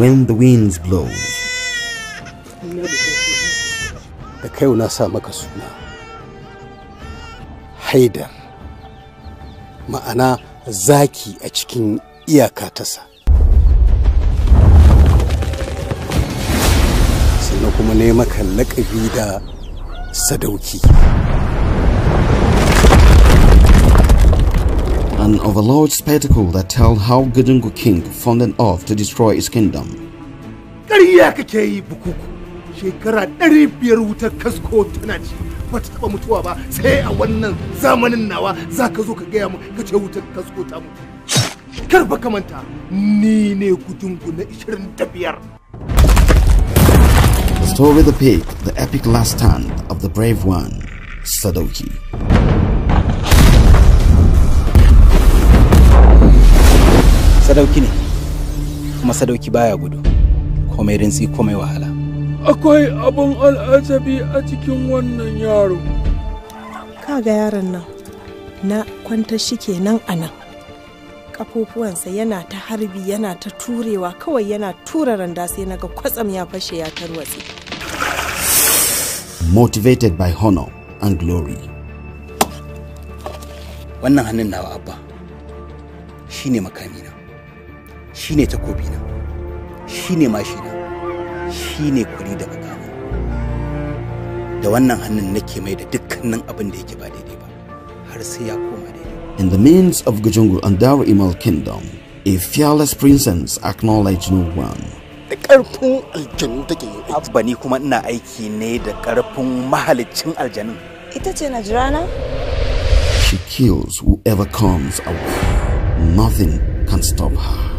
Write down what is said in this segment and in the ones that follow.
when the winds blow da kai na sa maka suna haidar ma'ana zaki a cikin iyaka tasa sannan kuma ne maka laƙabi da sadauki an overlord spectacle that tell how Gudungu king founded off to destroy his kingdom. Ƙarya kake yi bukuku shekara ɗari biyar wutar kasko tana ci ba ta taɓa mutuwa ba sai a wannan zamanin nawa za ka zo ka gaya mu ka ce wutar kasko ta mutu. Kar ba ka manta ni ne Gudungu na ishirin da biyar. Story the Pig, the epic last stand of the brave one, Sadoki. sadauki ne kuma sadauki baya gudu komai rintsi komai wahala akwai abun al'ajabi a cikin wannan yaro kaga yaron nan na kwanta shi kenan a nan kafofuwansa yana ta harbi yana ta turewa kawai yana tura randa sai naga kwatsam ya fashe ya tarwatse motivated by honor and glory wannan hannun nawa abba shine makamina shine takobina shine mashina shine kuri da makana da wannan hannun nake mai da dukkanin abin da yake ba daidai ba har sai ya koma daidai in the means of Gujungu and Dara Imal kingdom a fearless princess acknowledge no one da karfin aljanu take yi abba ni kuma ina aiki ne da karfin mahaliccin aljanun ita ce najirana she kills whoever comes away nothing can stop her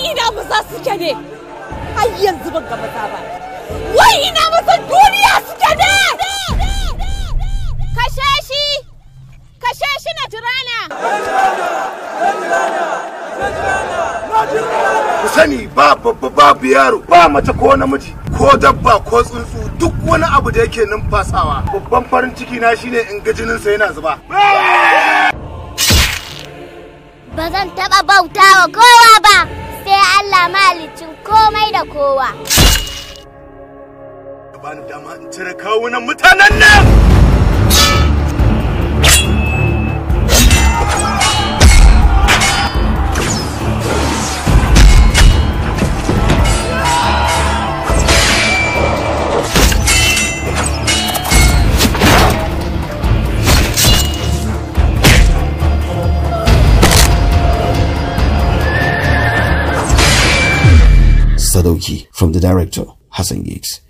wai ina maza suke ne har yanzu ban gaba ba wai ina maza duniya suke ne kashe shi kashe shi na turana ku sani ba babba babu yaro ba mace ko namiji ko dabba ko tsuntsu duk wani abu da yake numfasawa babban farin ciki na shine in ga jininsa yana zuba ba zan taɓa bautawa kowa ba. Allah malicin komai da kowa. Ka bani dama in cire kawunan mutanen nan! Sadoki from the director Hassan Geeks.